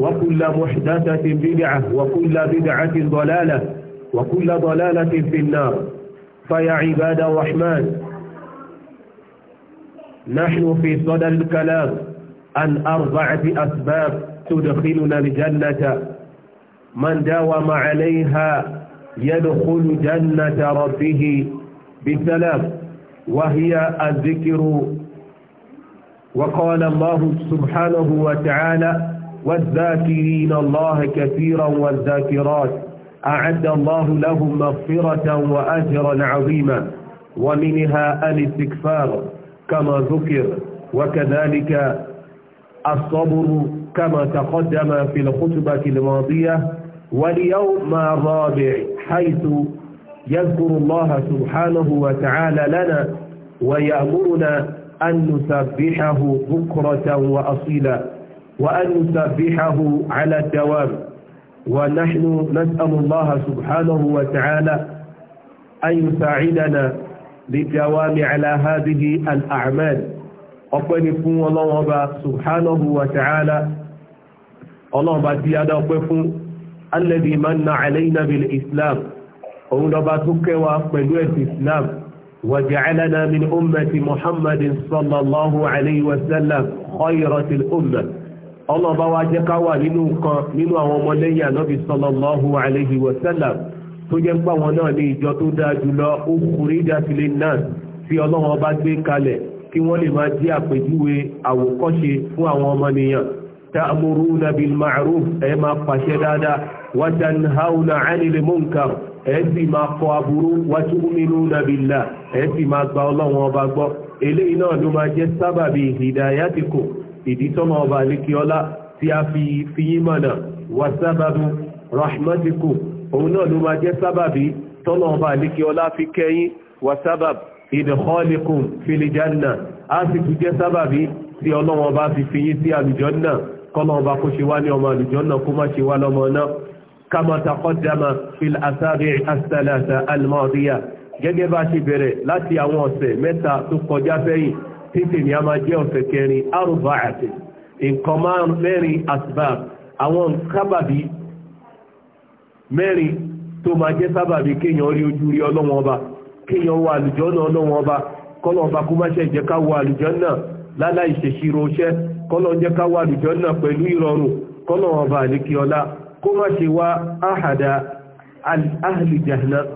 وكل محدثة بدعة وكل بدعة ضلالة وكل ضلالة في النار فيا عباد الرحمن نحن في صدى الكلام عن أربعة أسباب تدخلنا الجنة من داوم عليها يدخل جنة ربه بسلام وهي الذكر وقال الله سبحانه وتعالى والذاكرين الله كثيرا والذاكرات أعد الله لهم مغفرة وأجرا عظيما ومنها الاستكفار كما ذكر وكذلك الصبر كما تقدم في الخطبة الماضية واليوم الرابع حيث يذكر الله سبحانه وتعالى لنا ويأمرنا أن نسبحه بكرة وأصيلا وأن نسبحه على الدوام ونحن نسأل الله سبحانه وتعالى أن يساعدنا للدوام على هذه الأعمال ọpẹ́ ni fún ọlọ́run ọba subhanahu wa ta'ala ọlọ́run bá tí a dá ọpẹ́ fún alladhi manna alayna bil islam òun lọ́ba tó kẹwa pẹ̀lú ẹ̀sìn islam wa ja'alana min ummati muhammadin sallallahu alayhi wa sallam khayratil ummah ọlọ́ọ̀bá wa jẹ́ ká wà nínú nǹkan nínú àwọn ọmọlẹ́yìn ànábì sallallahu alayhi wa sallam tó jẹ́ pé àwọn náà ní ìjọ tó dáa jùlọ ó kúrí dáfilé náà tí ọlọ́run ọba gbé kalẹ̀ kí wọ́n lè máa jẹ́ àpèjúwe àwòkọ́ṣe fún àwọn ọmọnìyàn ta'muruna bil ma'ruf ẹ máa pàṣẹ dáadáa wa tanhauna 'anil munkar ẹ sì máa kọ aburú wa tu'minuna billah ẹ sì máa gba ọlọ́run ọba gbọ́ eléyìí náà ló máa jẹ́ sábàbí hidayatikum ìdí tọ́mọ ọba àlékí ọlá tí a fi fi yín mọ̀nà wà sábàbù rahmatiku òun náà ló máa jẹ́ sábàbí tọ́mọ ọba àlékí ọlá fi kẹ́yìn wà sábàbù ìdẹ̀kọ́lẹ̀kùn filijanna a sì tún jẹ́ sábàbí tí ọlọ́wọ́n bá fi fi yín sí àlùjọ́nà kọ́lọ́wọ́n bá kó títì ní a máa jẹ́ ọ̀sẹ̀ kẹrin arúgbà àti nǹkan mẹ́rin asbab àwọn sábàbí mẹ́rin tó máa jẹ́ sábàbí kéèyàn rí ojú rí ọlọ́wọ́n ọba kéèyàn wọ àlùjọ́nà ọlọ́wọ́n ọba kọ́lọ̀ ọba kó má ṣe jẹ́ ká wọ àlùjọ́nà láláì ṣèṣirò iṣẹ́ kọ́lọ̀ jẹ́ ká wọ àlùjọ́nà pẹ̀lú ìrọ̀rùn kọ́lọ̀ ọba àlékiọlá kó má ṣe wá àhàdà ahli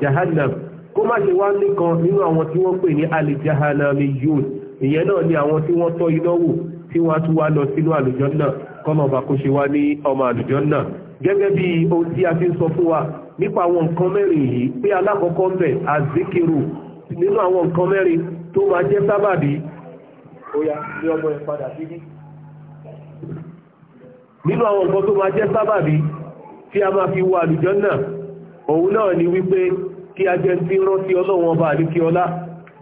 jahannam kó má ṣe wá nìkan nínú àwọn tí wọ́n pè ní alìjahanamiyun ìyẹn náà ni àwọn tí wọ́n tọ́ iná wò tí wọ́n tún wá lọ sínú àlùjànnà kọ́nà ọba kó ṣe wá ní ọmọ àlùjànnà gẹ́gẹ́ bí ohun tí a fi ń sọ fún wa nípa àwọn nǹkan mẹ́rin yìí pé alákọ̀ọ́kọ́ ń bẹ̀ àzíkèrò nínú àwọn nǹkan mẹ́rin tó máa jẹ́ sábàbí nínú àwọn nǹkan tó máa jẹ́ sábàbí tí a máa fi wọ àlùjànnà òun náà ni wípé kí a jẹ́ tí rántí ọlọ́run ọba àdíkíọlá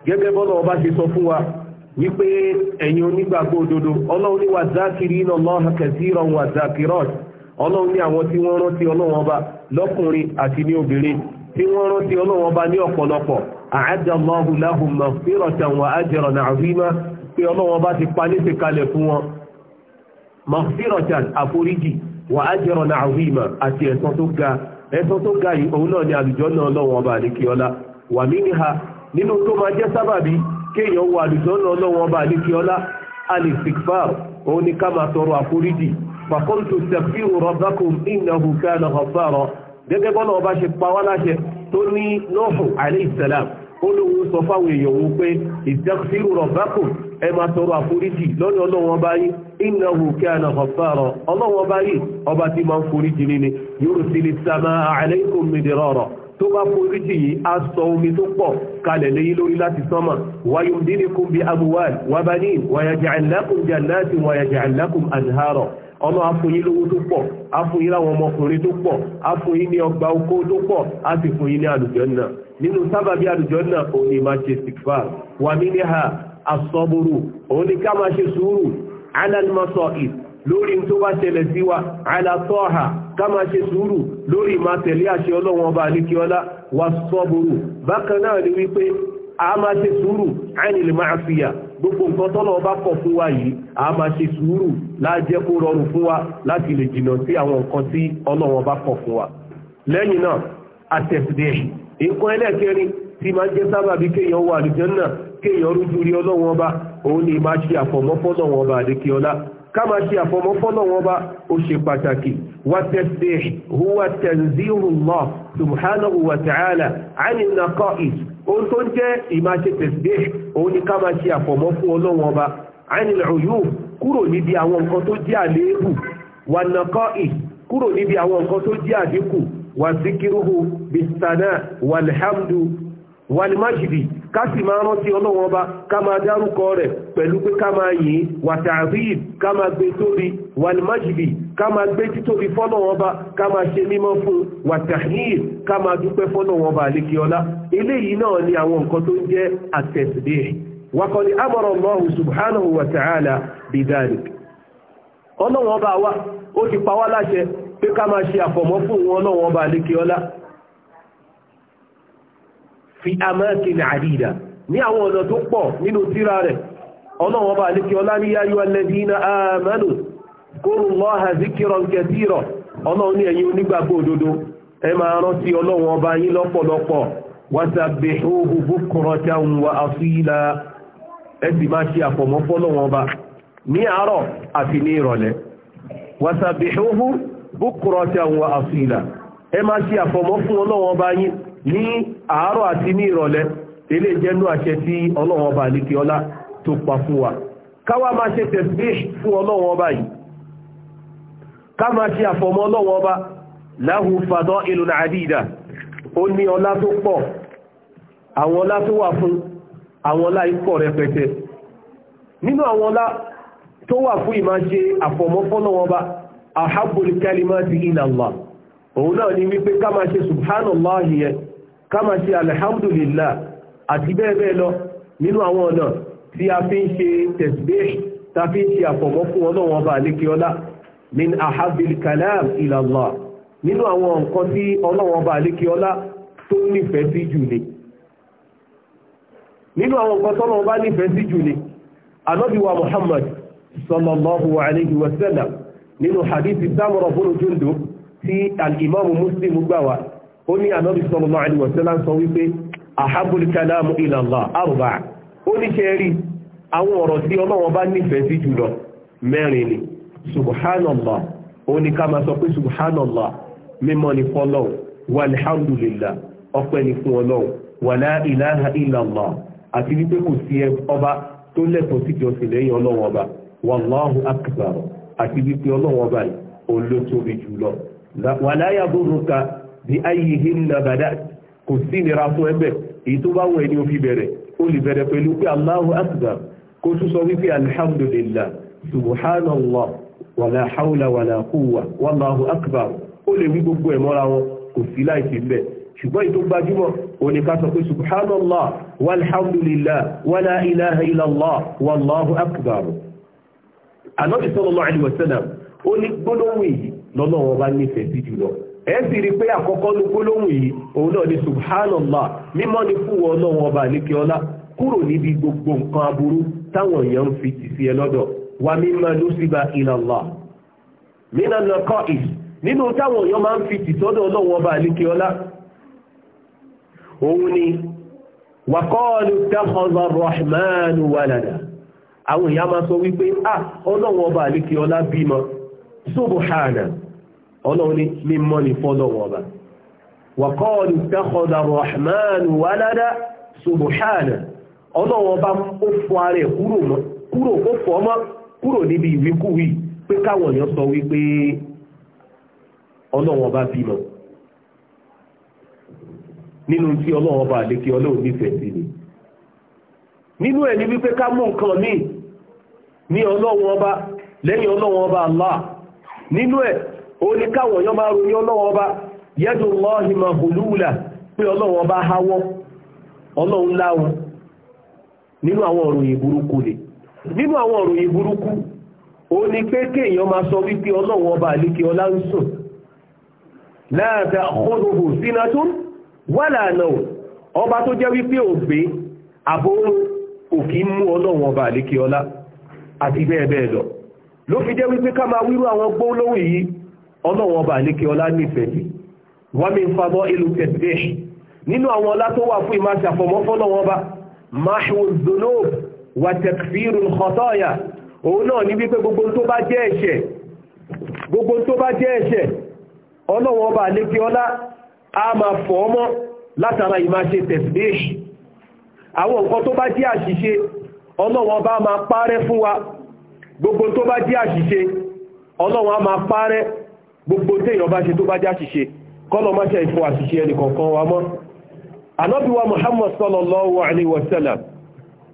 gẹ́gẹ́ bọ́lọ̀ ọba ṣe sọ fún wa wípé ẹ̀yin onígbàgbọ́ òdodo ọlọ́run ní wà zákìrì iná lọ́hàn kẹsìrọ̀ wà zákìrọ̀ ọlọ́run ní àwọn tí wọ́n rántí ọlọ́run ọba lọ́kùnrin àti ní obìnrin tí wọ́n rántí ní ọ̀pọ̀lọpọ̀ wa ti pa wa ni wà mí níha nínú kéèyàn wọ àlùjọ́nà ọlọ́wọ́n ọba àdékè ọlá al-istighfar òun ni ká máa tọrọ àforíjì fàkọ́ntù sẹ̀fíù rabbakum innahu kana ghaffara gẹ́gẹ́ bọ́lá ọba ṣe pa wá láṣẹ tó ní Nuhu alayhi salam olówó sọ fáwọn èèyàn wò pé istaghfiru rabbakum ẹ máa tọrọ àforíjì lọ́dọ̀ ọlọ́wọ́n bá yín innahu kana ghaffara ọlọ́wọ́n bá yín ọba tí máa ń foríjì nínú yursilis samaa alaykum midrara tó bá forí jì yìí á sọ omi tó pọ̀ kalẹ̀ léyìn lórí láti sánmà wáyé òdílé kún bí abuwal wábání wàyàjà àlákùn jannati wàyàjà àlákùn anharo ọlọ́ afúnyí lówó tó pọ̀ afúnyí láwọn ọmọkùnrin tó pọ̀ afúnyí ní ọgbà oko tó pọ̀ á sì fúnyí ní àlùjànnà nínú sábàbí àlùjànnà òun ni máa ṣe sìkfà wà mí ní ha asọ́bùrù òun ni ká máa ṣe sùúrù alálùmọ́sọ̀ ì lórí tó bá ṣẹlẹ̀ sí wa alátọ́ha Kama máa ṣe sùúrù lórí máa tẹ̀lé àṣẹ ọlọ́run ọba àníkíọ́lá wà sọ́bùrù bákan náà ni wípé a máa ṣe sùúrù àìnílè máa fìyà gbogbo nǹkan tọ́lọ̀ ọba kọ̀ fún wa yìí a máa ṣe sùúrù láàjẹ́ kó rọrùn fún wa láti lè jìnnà sí àwọn nǹkan tí ọlọ́run ọba kọ̀ fún wa lẹ́yìn náà àtẹ̀sídẹ̀ nǹkan ẹlẹ́ẹ̀kẹrin tí máa jẹ́ sábàbí kéèyàn wà àlùjànnà kéèyàn rújú rí ọlọ́run ọba òun ni máa ṣe àfọ̀mọ́fọ́lọ́run ọba àdékíọlá ká máa ṣe àfọ̀mọ́fọ́lọ́run ọba ó ṣe pàtàkì والتسبيح هو تنزيه الله سبحانه وتعالى عن النقائص òun tó ń jẹ́ ìmáṣe tẹ̀síbíṣ òun ni ká máa ṣe àfọ̀mọ́ fún ọlọ́run ọba anil uyub kúrò níbi àwọn nǹkan tó jẹ́ àléébù wà nàkọ́ ì kúrò níbi àwọn nǹkan tó jẹ́ àdínkù wà síkírúhu bìtànà wàlhámdù wàlmájìdì ká sì máa rántí ọlọ́run ọba ká máa dárúkọ rẹ̀ pẹ̀lú pé ká máa yìn wà tààrí ká máa gbé sórí wàlmájìdì ka máa gbé títóbi fọ́nà wọn bá ká ṣe mímọ́ fún wàtàhíìn kama dúpẹ́ fọ́nà wọn bá eléyìí náà ni àwọn nǹkan tó ń jẹ́ àtẹ̀síbẹ̀ waqad amara Allahu subhanahu wa ta'ala bidhalik ọlọ́wọ́n bá wá ó ti pa wá láṣẹ pé fún wọn bá ọlá fi ní àwọn ọ̀nà tó pọ̀ nínú rẹ̀ ọlọ́wọ́n bá kúrú lọ́ha zíkírọ̀ kẹsírọ̀ ọlọ́run ní ẹ̀yin onígbàgbọ́ òdodo ẹ máa rántí ọlọ́run ọba yín lọ́pọ̀lọpọ̀ wasabbihuhu bukratan wa asila ẹ sì máa ṣe àfọ̀mọ́ fọ́lọ́run ọba ní àárọ̀ àti ní máa ṣe àfọ̀mọ́ fún ọlọ́run ọba ní àárọ̀ àti ní ìrọ̀lẹ́ ká máa ṣe àfọ̀mọ́ ọlọ́wọ́ ọba láhù fàdọ́ ìlú nàádìdà ó ní ọlá tó pọ̀ àwọn ọlá tó wà fún àwọn ọlá ipò rẹpẹtẹ nínú àwọn ọlá tó wà fún ìmá ṣe àfọ̀mọ́ fọ́lọ́wọ́ ọba ahabbul kalimati ila Allah òun náà ni wípé ká máa ṣe subhanallah yẹn alhamdulillah àti bẹ́ẹ̀ bẹ́ẹ̀ lọ nínú àwọn ọ̀nà tí a fi ń ṣe tasbih ta ṣe àfọ̀mọ́ fún ọlọ́wọ́n ọba àlékè ọlá min ahabil kalam ila Allah nínú àwọn nǹkan tí ọlọ́wọ́n bá lékè ọlá tó nífẹ̀ẹ́ sí jù ni nínú àwọn nǹkan tọ́lọ́wọ́n bá nífẹ̀ẹ́ sí jù ni anọ́bíwa Muhammad sallallahu alayhi wa sallam nínú hadith Samurah bun Jundub tí alìmọ́mù Muslim gbà wá ó ní anọ́bí sallallahu alayhi wa sallam sọ wípé ahabul kalam ila Allah arba'a ó ní ṣe rí àwọn ọ̀rọ̀ tí ọlọ́wọ́n bá nífẹ̀ẹ́ sí jù lọ ni subhanallah òun ni ká máa sọ pé subhanallah mímọ́ ni fọ́lọ́hun walhamdulillah ọpẹ́ ni fún ọlọ́hun wàlá ìlàhà ìlàlá àti wípé kò sí ọba tó lẹ́tọ̀ọ́ sí ìjọsìn lẹ́yìn ọlọ́hun ọba wallahu akbar àti wípé ọlọ́hun ọba yìí òun ló tóbi jù lọ wàlá yadurruka bí ayé hinna bàdá kò sí ìnira fún ẹgbẹ́ èyí tó bá wọ̀ ẹni ó fi ó lè bẹ̀rẹ̀ pẹ̀lú pé allahu akbar kó tún sọ wípé alhamdulillah subhanallah wàlá haúlà wàlá kúwà wallahu akbar ó lè wí gbogbo ẹ̀ mọ́ra wọn kò sí láìsí bẹ́ẹ̀ ṣùgbọ́n ìtò gbajúmọ̀ òní ká sọ pé subhanallah walhamdulillah wala ilaha illallah wallahu akbar ànábì sallallahu alaihi wasallam ó ní gbólóhùn yìí lọ́nà wọn bá nífẹ̀ẹ́ sí jùlọ ẹ sì rí pé àkọ́kọ́ ló gbólóhùn yìí òun kúrò níbi gbogbo nǹkan aburú táwọn èèyàn ń fi tì ẹ lọ́dọ̀ wà mímọ́ ló sì bá ilà Allah mínà lọ kọ́ ì nínú táwọn èèyàn máa ń fi tìtọ́dọ̀ ọlọ́wọ́ ọba àlékè ọlá òun ni wàkọ́ọ̀lù tẹ́kọ̀ọ́lọ́ rọ̀hmánù wàlàdà àwọn èèyàn máa sọ wípé à ọlọ́wọ́ ọba àlékè ọlá bímọ subhana ọlọ́wọ́ ni mímọ́ ni fọ́lọ́wọ́ ọba wàkọ́ọ̀lù tẹ́kọ̀ọ́lọ́ rọ̀hmánù wàlàdà subhana ọlọ́wọ́ ọba ó fọ́ ó fọ́ kúrò níbi ìwíkúwí pé káwọn èèyàn sọ wípé ọlọ́run ọba bímọ nínú tí ọlọ́run ọba àlékè ọlọ́run nífẹ̀ẹ́ sí ni nínú ẹ̀ wípé ká mú nǹkan ọba lẹ́yìn ọba Allah nínú ẹ̀ o ní káwọn èèyàn máa ròyìn ọlọ́run ọba yẹ́dù lọ́hìmọ̀ hùlúùlà pé háwọ́ ọlọ́run láwọn nínú àwọn òròyìn burúkú ó ní pé kéèyàn máa sọ wípé ọlọ́run ọba àlékè ọlá ń sùn láàdá ọ̀hónúhù sínú tún wà láàánà ọba tó jẹ́ wípé ògbé àbórún òkì ń mú ọlọ́run ọba àlékè ọlá àti bẹ́ẹ̀ bẹ́ẹ̀ lọ ló fi jẹ́ wípé ká máa wírú àwọn gbólóhùn yìí ọlọ́run ọba wà tẹ̀kfírù kọ̀tọ́ọ̀yà òun náà ní wípé gbogbo tó bá jẹ́ ẹ̀ṣẹ̀ gbogbo tó bá jẹ́ ẹ̀ṣẹ̀ ọlọ́wọ́ ọba lékí ọlá a máa fọ̀ ọ́ mọ́ látara ìmáṣe tẹ̀síbíṣì àwọn nǹkan tó bá jẹ́ àṣìṣe ọlọ́wọ́ ọba máa parẹ́ fún wa gbogbo tó bá jẹ́ àṣìṣe ọlọ́wọ́ máa parẹ́ gbogbo téèyàn bá ṣe tó bá jẹ́ àṣìṣe kọ́lọ̀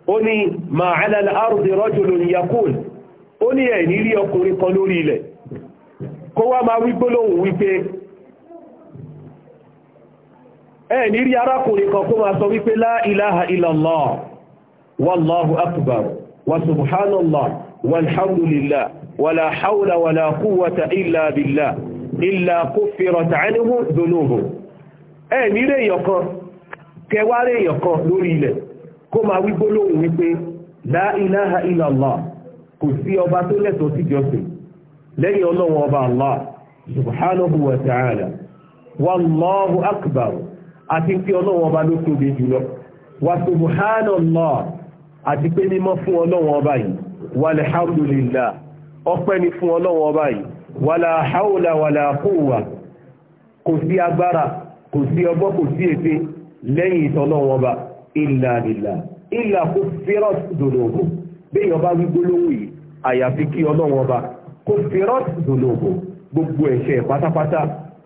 ó ní ma alal ardi rajulun yakul ó ní ẹ̀ ní rí ọkùnrin kan lórí ilẹ̀ kó wá máa wí gbólóhùn wípé ẹ̀ ní rí arákùnrin kan kó máa sọ wípé la ilaha illallah wallahu akbar wa subhanallah walhamdulillah wala hawla wala quwwata illa billah illa kuffirat anhu dhunubu ẹ̀ ní rí èèyàn kan kẹwàá rí èèyàn kan lórí kó máa wí gbólóhùn wípé la ilaha illallah kò sí ọba tó lẹ́tọ̀ọ́ sí jọ́sìn lẹ́yìn ọlọ́run ọba allah subhanahu wa ta'ala wallahu akbar àti pé ọlọ́run ọba ló tóbi jùlọ wa subhanallah àti pé mímọ́ fún ọlọ́run ọba yìí walhamdulillah ọpẹ́ ni fún ọlọ́run ọba yìí wàlá haúlà wàlá kúwà kò sí agbára kò sí ọgbọ́n kò sí ète lẹ́yìn ìtọ́lọ́run ọba ìlà ìlà ìlà kó fẹ́rọ̀t dòlòbò béèyàn bá wí gbólóhùn yìí àyàfi kí ọlọ́run ọba kó fẹ́rọ̀t dòlòbò gbogbo ẹ̀ṣẹ̀ pátápátá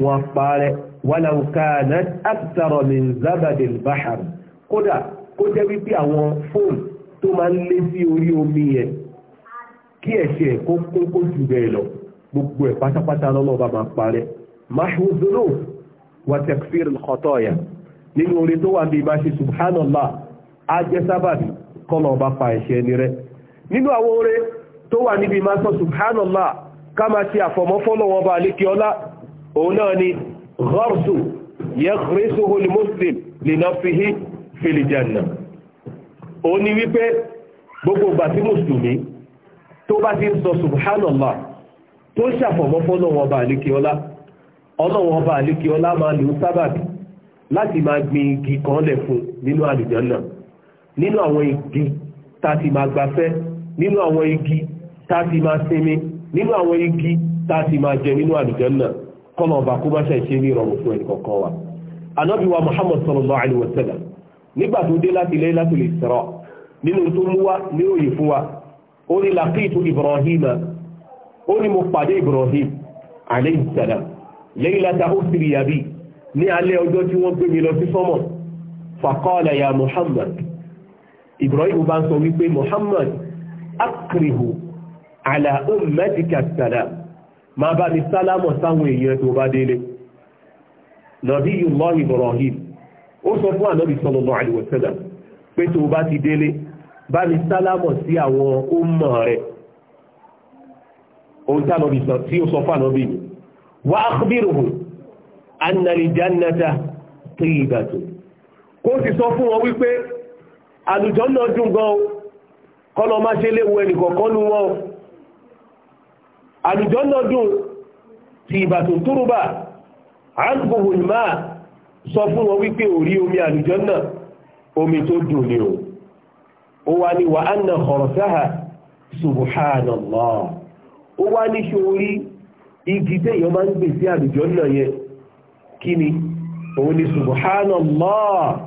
wọn parẹ́ wàláwù káàná àtàrọ̀ min zábàdì báhàrù kódà kó jẹ́ wípé àwọn fóònù tó máa ń lé sí orí omi yẹn kí ẹ̀ṣẹ̀ kó kó kó jù bẹ́ẹ̀ lọ gbogbo ẹ̀ pátápátá lọ́lọ́ máa parẹ́ máṣúwó dòlòbò wàtẹ̀kfíìrì kọ́tọ̀ yẹn nínú oore tó wà bí ibà ṣe subhanallah á jẹ́ sábàbí kọ́nà ọba pa ẹ̀ṣẹ̀ ni rẹ nínú àwọn oore tó wà níbi máa sọ subhanallah ká máa ti àfọ̀mọ́ fọ́lọ́wọ́n ọba àlékè ọlá ni gharsu yaghrisu li muslim li nafsihi fil janna ó ní wípé gbogbo subhanallah tó ṣàfọ̀mọ́ fọ́lọ́wọ́n ọba àlékíọ́lá ọlọ́wọ́n ọba àlékíọ́lá máa lè ń sábàbí láti máa gbin igi kan lẹ̀ fún nínú àlùjànnà nínú àwọn igi tá a ti máa gbafẹ́ nínú àwọn igi tá a ti máa sinmi nínú àwọn igi tá a ti máa jẹ nínú àlùjànnà kọ́nà ọba kó bá ṣàìṣe ní ìrọ̀rùn fún ẹnì kọ̀ọ̀kan wa anábì wa muhammad sallallahu alayhi wa sallam nígbà tó dé láti Laylatul Isra nínú tó mú wá ní òye fún wa ó ní laqitu ibrahima ó ní mo pàdé ibrahim alayhi salam laylata usriya bi ní alẹ́ ọjọ́ tí wọ́n gbé mi lọ sí sọ́mọ̀ fàkọ́ọ̀lẹ̀ ya muhammad ibrahim bá ń sọ wípé muhammad akrihu ala ummatika salam máa bá mi sálámọ̀ sáwọn èèyàn tó bá délé nàbí yùmọ́ ibrahim ó sọ fún ànábì sallallahu alaihi wasallam pé tó bá ti délé bá mi sálámọ̀ sí àwọn ọmọ rẹ̀ ohun tí ó sọ fún ànábì wà á annalijanata tìrìbàtò kó sì sọ fún wọn wípé àlùjànnà dùn gan kọ́nà má ṣe léwu ẹnìkọ̀ọ̀kan nu wọn àlùjànnà dùn tìrìbàtò túrùbà àgbòhùn máa sọ fún wọn wípé orí omi àlùjànnà omi tó dùn ni o ó wá ní wà ánà kharasaha subhanallah ó wá ní ṣe orí igi tẹ́yàn máa ń gbèsè àlùjànnà yẹn kí ni òun ni subhanallah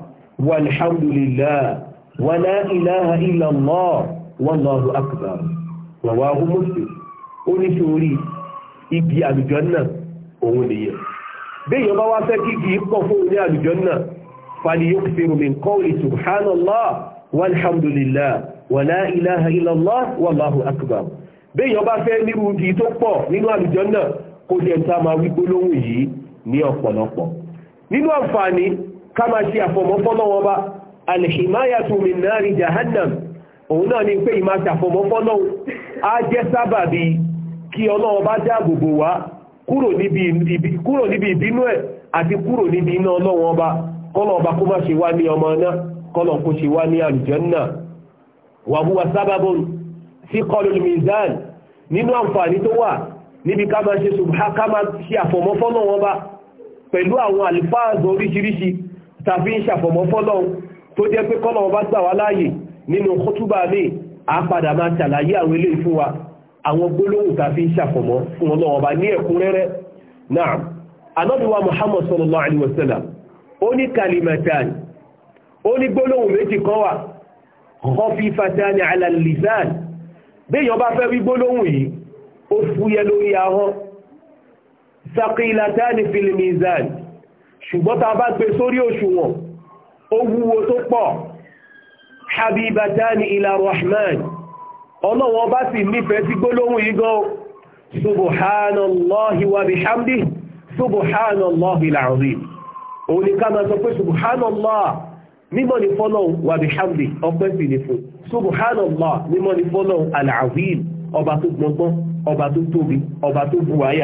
walhamdulillah wala ilaha illallah wallahu akbar rawahu muslim ó ní sórí igi àlùjànnà òun nìyẹn béèyàn bá wá fẹ́ kí kì pọ̀ fún òun ní àlùjànnà فليكثر من قول سبحان الله والحمد لله ولا إله إلا الله والله أكبر bí èèyàn bá fẹ́ nírú igi tó pọ̀ nínú àlùjànnà kó jẹ́ ń tá máa wí gbólóhùn yìí ní ọ̀pọ̀lọpọ̀ nínú àǹfààní ká ṣe àfọ̀mọ́fọ́nà wọn bá alhimayatu min nari jahannam òun náà ni pé ìmá ṣàfọ̀mọ́fọ́nà á jẹ́ sábàbí kí ọlọ́wọ́ bá dáàbòbò wá kúrò níbi ìbínú ẹ̀ àti kúrò níbi iná ọlọ́wọ́ ọba kọ́lọ̀ ọba kó má ṣe wá ní ọmọ náà kọ́lọ̀ kó ṣe wá ní àlùjánnà wàhúwa sábàbùn sí kọlùl mizan nínú àǹfààní tó wà níbi ká máa ṣe àfọ̀mọ́fọ́nà wọn bá pẹ̀lú àwọn àlìfáàzọ oríṣiríṣi tàbí ń ṣàfọ̀mọ́ fọ́lọ́un tó jẹ́ pé kọ́lọ̀ ọba gbà wá láàyè nínú kútúbà mi a padà máa ṣàlàyé àwọn ilé fún wa àwọn gbólóhùn tàbí ń ṣàfọ̀mọ́ fún ọlọ́wọ́ ọba Muhammad sallallahu alaihi wasallam ó ní kalimatan ó ní gbólóhùn méjì kan ala al-lisan béèyàn bá fẹ́ wí gbólóhùn yìí ó saqilatani fil mizan ṣùgbọ́n tá a bá gbé sórí òṣùwọ̀n ó wúwo tó pọ̀ habibatani ila rahman ọlọ́wọ́n bá sì nífẹ̀ẹ́ sí gbólóhùn yìí gan subhanallahi wa bihamdihi subhanallahi al-azim ó ní ká máa sọ pé subhanallah mímọ́ ni fọ́lọ́hun wa bihamdihi ọpẹ́ sì ni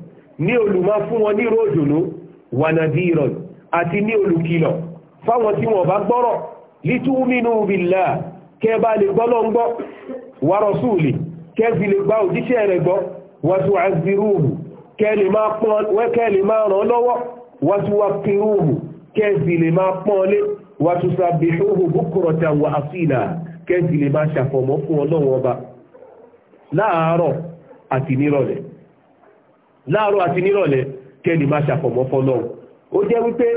ní olùmọ́ fún wọn ní ròdùnú wànàdí ìrọ̀ àti ní olùkìlọ̀ fáwọn tí wọ́n bá gbọ́rọ̀ lítúmínú bìlá kẹ́ bá lè gbọ́ lọ́n gbọ́ wa rasuli kẹ́ fi lè gba òjíṣẹ́ rẹ̀ gbọ́ wa tu'azziruhu kẹ́ lè máa ràn lọ́wọ́ wa tuwaqqiruhu kẹ́ sì lè máa lè máa ṣàfọ̀mọ́ fún Ọlọ́run ọba láàárọ̀ àti nírọ̀lẹ́ láàárọ̀ àti nírọ̀lẹ́ kẹ́lì máa ṣàfọ̀mọ́ fọ́lọ́run ó jẹ́ wípé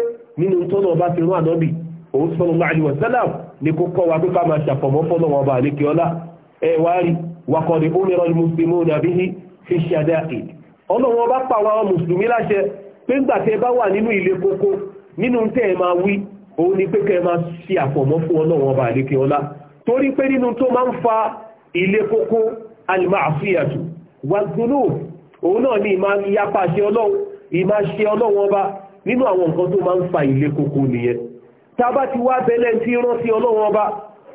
nínú tọ́nà ọba ti rán ànábì òun sallallahu alaihi wasallam ní wa pé máa ṣàfọ̀mọ́ ọba àlékè ọlá ẹ wá rí wakọ̀dé bihi fi shada'id ọlọ́run ọba pa mùsùlùmí láṣẹ pé ńgbà tẹ bá wà nínú ilé kókó nínú ẹ máa wí òun ọba àlékè ọlá torí pé nínú tó fa ilé kókó òun náà ni ìmá yapa ṣe ọlọ́run ìmá ṣe ọlọ́run ọba nínú àwọn nǹkan tó máa ń fa ilé koko nìyẹn tá a bá ti wá bẹ́lẹ̀ tí rán sí ọlọ́run ọba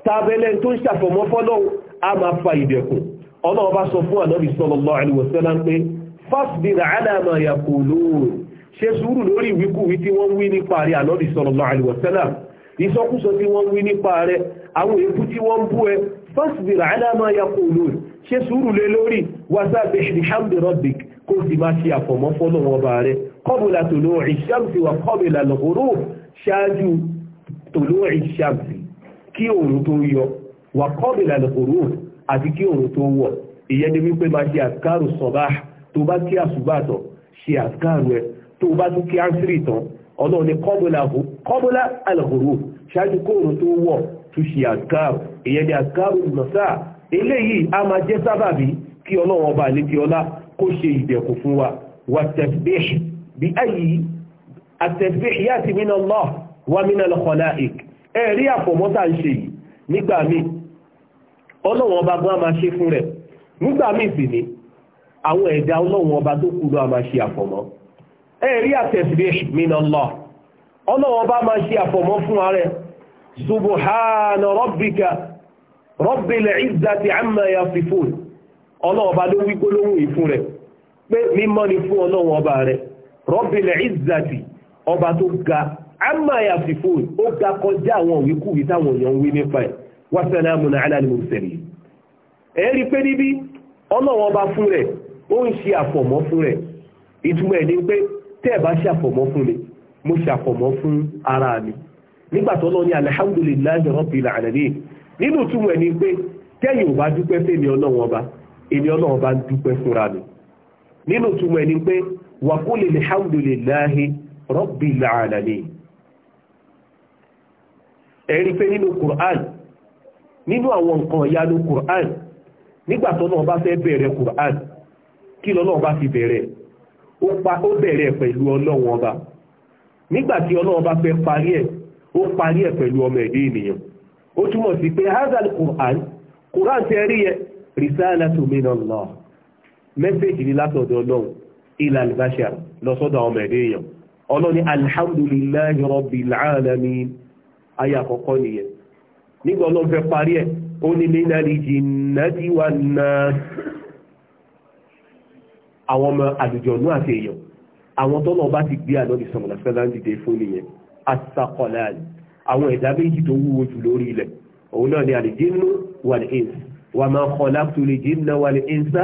tá a bẹ́lẹ̀ tó ń ṣàfọ̀mọ́ fọ́lọ́run a máa fa ìdẹ̀kùn ọlọ́run ọba sọ fún ànábì sallallahu alaihi wasallam pé fasbir ala ma yaqulun ṣe sùúrù lórí ìwíkúwí tí wọ́n wí nípa rẹ̀ ànábì sallallahu alaihi wasallam ìsọkúsọ tí wọ́n wí nípa rẹ̀ àwọn èébú tí wọ́n bú ẹ fasbir ala ma yaqulun ṣe sùúrù lé lórí wasabi bihamdi rabbik kó sì máa ṣe àfọ̀mọ́ fọ́nà wọn bá rẹ qabla tulu'i shamsi wa qabla al-ghurub ṣáájú tulu'i shamsi kí òòrùn tó yọ wa qabla al-ghurub àti kí òòrùn tó wọ̀ ìyẹn ni wípé máa ṣe àkárù sabah tó bá kí àṣùbàtàn ṣe àkárù ẹ tó bá eléyìí a máa jẹ́ sábàbí kí ọlọ́run ọba àlékí ọlá kó ṣe ìdẹ̀kù fún wa wà tẹ̀síbíṣì bí ayì àtẹ̀síbíṣì yá ti mínà lọ́ wà mínà lọ́kọ̀ọ́lá ìk ẹ rí àfọ̀mọ́tà ń ṣe yìí nígbà míì ọlọ́run ọba gan a máa ṣe fún rẹ̀ nígbà míì sì lọ a máa máa ṣe àfọ̀mọ́ fún ara rẹ̀ subuhana rabbika Rabbil izzati amma yasifun ọlọ́wọ́ bá ló wí gbólóhùn ìfún rẹ̀ pé mímọ́ ni fún ọlọ́wọ́ ọba rẹ̀ Rabbil izzati ọba tó ga amma yasifun ó ga kọjá àwọn òwíkúwì táwọn èèyàn ń wí nípa ẹ̀ wa salamun ala al-mursalin ẹ̀rí pé níbi ọlọ́wọ́ ọba fún rẹ̀ ó ń ṣe àfọ̀mọ́ fún rẹ̀ ìtumọ̀ ẹ̀ ni pé tẹ́ ẹ̀ bá ṣàfọ̀mọ́ fún mi mo ṣàfọ̀mọ́ fún ara mi nígbà tó lọ ní alhamdulillahi rabbil alamin nínú túmọ̀ ẹ̀ ni pé tẹ́yìn ò bá dúpẹ́ fẹ́mi ọlọ́run ọba èmi ọlọ́run ọba ń dúpẹ́ fúnra mi nínú túmọ̀ ẹ̀ ni pé wa qul alhamdulillahi rabbil alamin ẹ̀rí pé nínú Qur'an nínú àwọn nǹkan ìyanu Qur'an nígbà tó náà bá fẹ́ bẹ̀rẹ̀ Qur'an kí lọ́lọ́run bá fi bẹ̀rẹ̀ ó bẹ̀rẹ̀ pẹ̀lú ọlọ́run ọba nígbà tí ọlọ́run bá fẹ́ parí ẹ̀ ó parí ẹ̀ pẹ̀lú ọmọ ẹ̀dẹ́ ènìyàn ó túmọ̀ sí pé hazal quran quran tẹ́ rí yẹ risalatu min Allah mẹ́sẹ̀jì ni látọ̀dọ̀ ọlọ́run ilà albashar lọ́sọ́dọ̀ ọmọ ẹ̀dẹ́ èèyàn ọlọ́ni alhamdulillahi rabbil alamin ayé àkọ́kọ́ nìyẹn nígbà ọlọ́run fẹ́ parí ẹ̀ ó ní minal jinnati wan nas àwọn ọmọ àlùjọ̀nú àti èèyàn àwọn tọ́lọ́ bá ti gbé àlọ́ ìsọ̀mọ̀lá fẹ́lá ń dìde fún nìyẹn asakọ̀láàlì àwọn ẹ̀dá méjì tó wúwo jù lórí ilẹ̀ òun náà ni àlìjínú wà ní ins wà máa kọ́ láptò lè jínú wà ní insa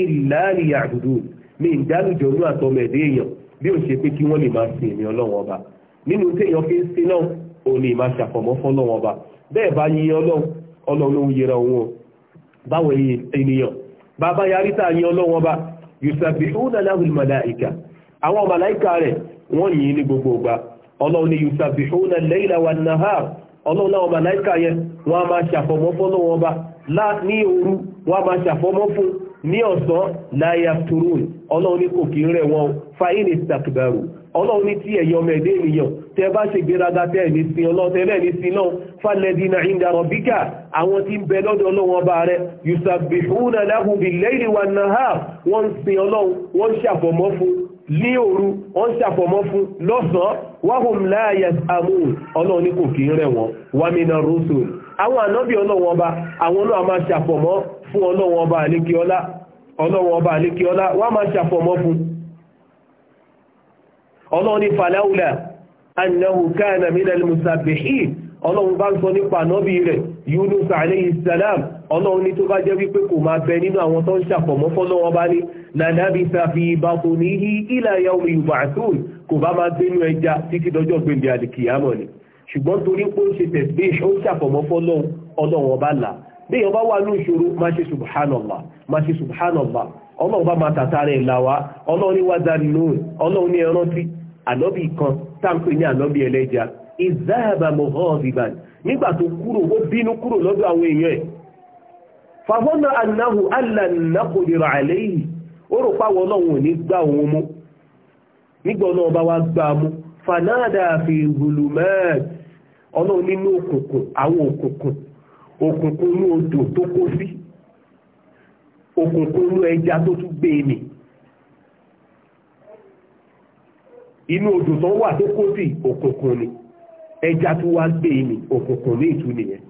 ìlàlì àdúdú mi ń dálùjọ ní àtọmọ ẹ̀dẹ́ èèyàn bí ó ṣe pé kí wọ́n lè máa sin èmi ọlọ́run ọba nínú téèyàn fi ń sin náà òun ni ìmáa ṣàfọ̀mọ́ fọ́lọ́run ọba bẹ́ẹ̀ bá yin ọlọ́run ọlọ́run yẹra òun o báwo ènìyàn bàbá yarí tá a yin ọlọ́run ọba yusabbihuna lahu ọlọ́run ni yusabbihuna al-layla wan-nahar ọlọ́run náà màláìkà yẹn wọ́n a máa ṣàfọ̀mọ́ fọ́lọ́wọ́ ọba ní oru wọ́n a máa ṣàfọ̀mọ́ fún ní ọ̀sán la yafturun ọlọ́run ní kò kí ń rẹ̀ wọn fa'in istakbaru ọlọ́run ní tí ẹ̀yọ́ mẹ́ẹ̀dẹ́ ènìyàn tẹ bá ṣe gbéraga tẹ́ ní sin ní sin náà fàlẹ́dínà àwọn tí ń bẹ lọ́dọ̀ wahum la yasamun ọlọ́run ní kò kí ń rẹ̀ wọn wa mina rusul àwọn ànábì ọlọ́run ọba àwọn náà máa ṣàfọ̀mọ́ fún ọba àlékiọlá ọlọ́run ọba máa ṣàfọ̀mọ́ fún ọlọ́run ní falawla ọlọ́run bá ń sọ nípa ànábì rẹ̀ Yunus alayhi salam ọlọ́run ní tó bá jẹ́ wípé kò máa bẹ nínú àwọn tó ń ṣàpọ̀mọ́ fọ́lọ́wọ́ bá ní lanabisa fi batnihi ila yawmi yub'athun kò bá máa gbénú ẹja títí dọjọ́ gbèndé àdìkìyàmọ̀ ni ṣùgbọ́n torí pé ó ṣe tẹ̀sí ó ṣàpọ̀mọ́ fọ́lọ́run ìzáàbà mọ̀họ́ọ̀dìbàn nígbà tó kúrò ó bínú kúrò lọ́dọ̀ àwọn èèyàn ẹ̀ fàfọ́nà annahu allannakodira aléyìí ó rò pàwọ́ ọlọ́run ní gbá òun mú nígbà náà bá wá gbá mú fanáàdà fi gulumat inú odò tó Okunkun ni e wà tó kó sí òkùnkùn ni. ẹja tó wá gbé ìmì òkùnkùn ní ìtú nìyẹn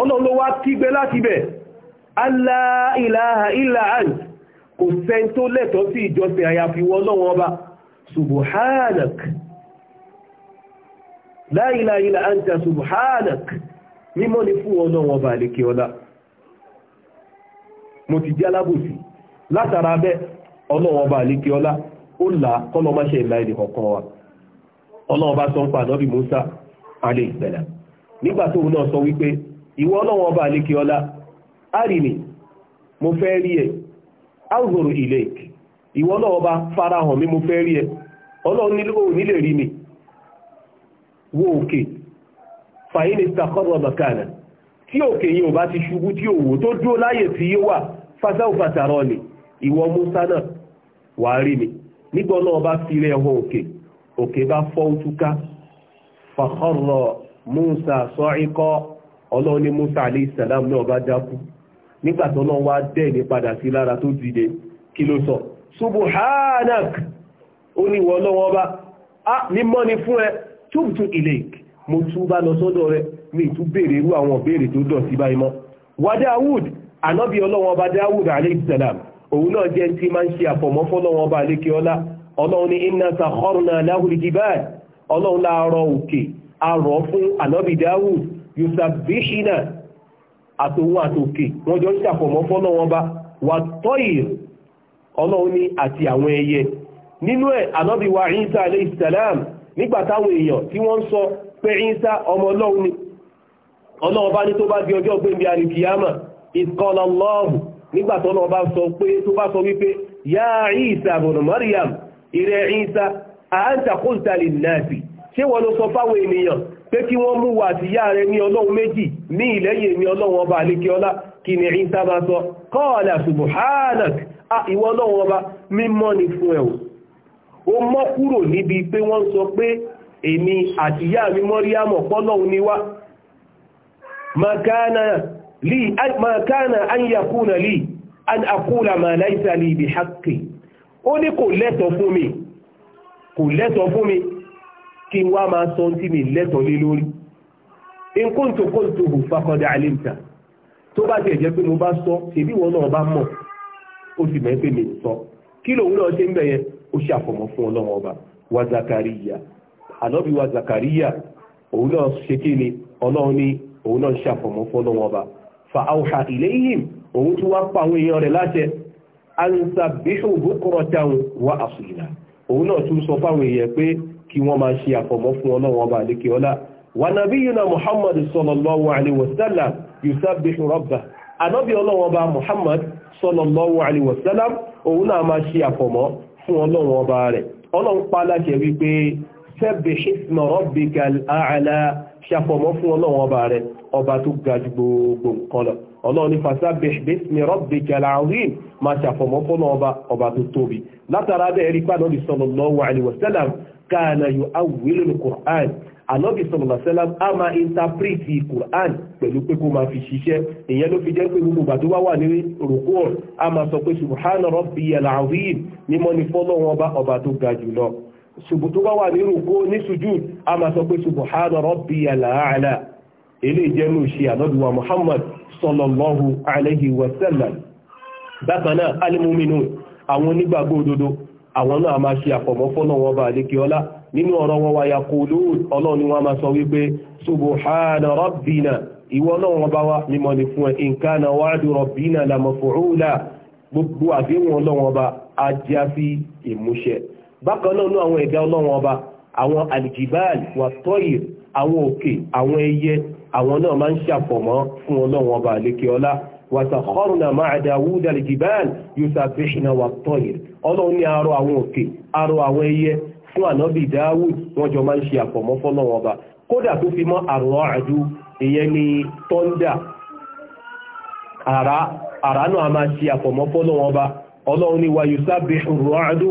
ọlọ́run ló wá kígbe láti bẹ̀ Allah ilaha illa ant kò sẹ́n tó lẹ́tọ́ sí ìjọsìn àyàfi ìwọ Ọlọ́run ọba subhanak la ilaha subhanak mímọ́ ni fún Ọlọ́run ọba àlékè ọlá mo ti jẹ́ alábòsí látara bẹ́ Ọlọ́run ọba àlékè ọlá ọlọ́run bá sọ ń pa ànábì Musa alẹ́ ìgbẹ̀lá nígbà tó òun náà sọ wípé ìwọ ọlọ́run ọba àlékè ọlá àrìnì mo fẹ́ rí ẹ áwòrò ilé ìwọ ọlọ́run ọba farahàn mi mo fẹ́ rí ẹ ọlọ́run nílò nílè rí mi wo òkè fàyínì sàkọ́rọ̀ bàkànà tí òkè yìí ò bá ti ṣubú tí òwò tó dúró láyè tí yóò wà fásáwò fàtàrọ ni ìwọ Musa náà wàá rí mi nígbà ọlọ́run ọba fi rẹ̀ hàn òkè òkè bá fọ́ òtúká fàkọ́rọ̀ Musa sọ́ríkọ́ ọlọ́run ní Musa alayhi salam náà bá dákú nígbà tó náà wá dẹ̀ ní padà sí lára tó dìde kí ló sọ subuhanak ó ní wọ́n lọ́wọ́ bá a mímọ́ ni fún ẹ túbùtù ilẹ̀k mo tún bá lọ sọ́dọ̀ rẹ mi tún béèrè irú àwọn tó ọlọ́run ní iná sàkọ́rùnà láhùlìjìbáì ọlọ́run láàárọ̀ òkè arọ̀ fún ànábì Dáwùd yusabishina àtòun àtòkè wọ́n jọ wọn àti àwọn ẹyẹ nínú ẹ̀ wa Isa alayhi salam èèyàn tí wọ́n ń sọ pé Isa ọmọ ọlọ́run ni ọlọ́run bá ní tó bá di ọjọ́ pé a sọ pé ìrẹ̀ ìsá àáńtà kóńtàlì náàfi ṣe wọ́n ló sọ fáwọn ènìyàn pé kí wọ́n mú wa àti ìyá rẹ̀ ní ọlọ́run méjì ní ìlẹ́yìn èmi ọlọ́run ọba àlékè ọlá kí ni ìsá máa sọ kọ́ọ̀lá subhanak ìwọ ni o ma li ó ní kò lẹ́tọ̀ fún mi kò lẹ́tọ̀ fún mi kí n wá máa sọ tí mi lẹ́tọ̀ lé lórí in kuntu qultuhu faqad alimta tó bá ti ẹ̀jẹ̀ pé mo bá sọ ṣèbí wọn náà bá mọ̀ ó sì mẹ́ pé mi sọ kí lòun náà ṣe ń bẹ̀yẹ ó ṣe àfọ̀mọ́ fún ọlọ́run ọba wa zakariya ànábì wa zakariya òun náà ṣe kí ni ọlọ́run ní òun náà ṣe àfọ̀mọ́ fún ọlọ́run ọba fa awha ilayhim òun tún wá pa àwọn èèyàn rẹ̀ láṣẹ ansabihu bukuratan wa asila òun náà tún sọ fáwọn èèyàn pé kí wọ́n máa ṣe àfọ̀mọ́ fún ọlọ́wọ́n ọba àdékè ọlá wa nabiyuna muhammad sallallahu alayhi wa sallam yusabbihu rabbah ànábì muhammad sallallahu alayhi wa sallam òun náà máa ṣe àfọ̀mọ́ fún ọlọ́wọ́n ọba rẹ̀ ọlọ́run pa láṣẹ wípé sabbihisma rabbikal a'la ṣàfọ̀mọ́ fún ọlọ́wọ́n ọba ọlọ́run ní fasabbih bismi rabbikal azim máa ṣàfọ̀mọ́ fọ́nà ọba ọba tó tóbi látara bẹ́ẹ̀ rí pàdánù sallallahu alaihi wasallam kana yu'awwilul Qur'an ànábì sallallahu alaihi wasallam á máa intapiriti Qur'an pẹ̀lú pé kó máa fi ṣiṣẹ́ ìyẹn ló fi jẹ́ pé gbogbo àti wá wà ní rúkú ọ̀ á máa sọ pé subhana rabbiyal azim mímọ́ ni fọ́lọ́run ọba ọba tó ilé ìjẹ́nu ṣe ànọ́dùwà Muhammad sallallahu alayhi wa sallam bákan náà alimuminu àwọn onígbàgbọ́ òdodo àwọn náà máa ṣe àfọ̀mọ́ fọ́nà wọn bá àlékè ọlá nínú ọ̀rọ̀ wọn wa yaqulun ọlọ́run ni wọ́n máa sọ wípé subuhana rabbina ìwọ náà wọn bá wá mímọ́ ni fún ẹ in kana wa'du rabbina la àwọn ẹ̀dá wà tọ́yì àwọn òkè àwọn ẹyẹ àwọn náà máa ń ṣàfọ̀mọ́ fún ọlọ́run ọba àlékè ọlá wàtàkọ́rùnà máa dáwúdà lìjìbáàlì yusabihna wà tọ́yìn ọlọ́run ní arọ àwọn òkè arọ àwọn ẹyẹ fún ànábì dáwùd wọ́n jọ máa ń ṣe àfọ̀mọ́ fọ́lọ́run ọba kódà tó fi mọ́ àrọ̀ àdú ìyẹn ni tọ́ndà àrá náà a máa ṣe àfọ̀mọ́ fọ́lọ́run ọba ọlọ́run ní wa yusabihu rọ́àdú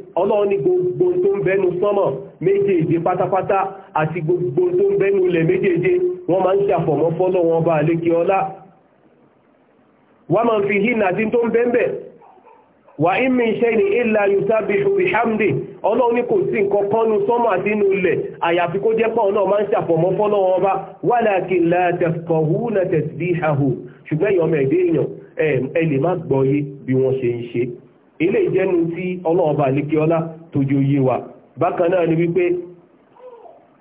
ọlọ́run ní gbogbo tó ń bẹnu sánmọ̀ méjèèje pátápátá àti gbogbo tó ń bẹnu ilẹ̀ méjèèje wọ́n máa ń ṣàfọ̀mọ́ fọ́lọ́ wọn bá lékè ọlá wọ́n máa ń fi hínà tí tó ń bẹ́ńbẹ̀ wà ìmì iṣẹ́ ni ìlà yusabihu bihamdi ọlọ́run ní kò sí nǹkan kan nu sánmọ̀ àti inú ilẹ̀ àyàfi kó jẹ́ pọ̀ náà máa ń ṣàfọ̀mọ́ fọ́lọ́ wọn bá walakin la tafqahuna tasbihahu ilé ìjẹ́nu tí ọlọ́ọ̀bà àlékeọlá tó tojo yi wa bákan náà ni wípé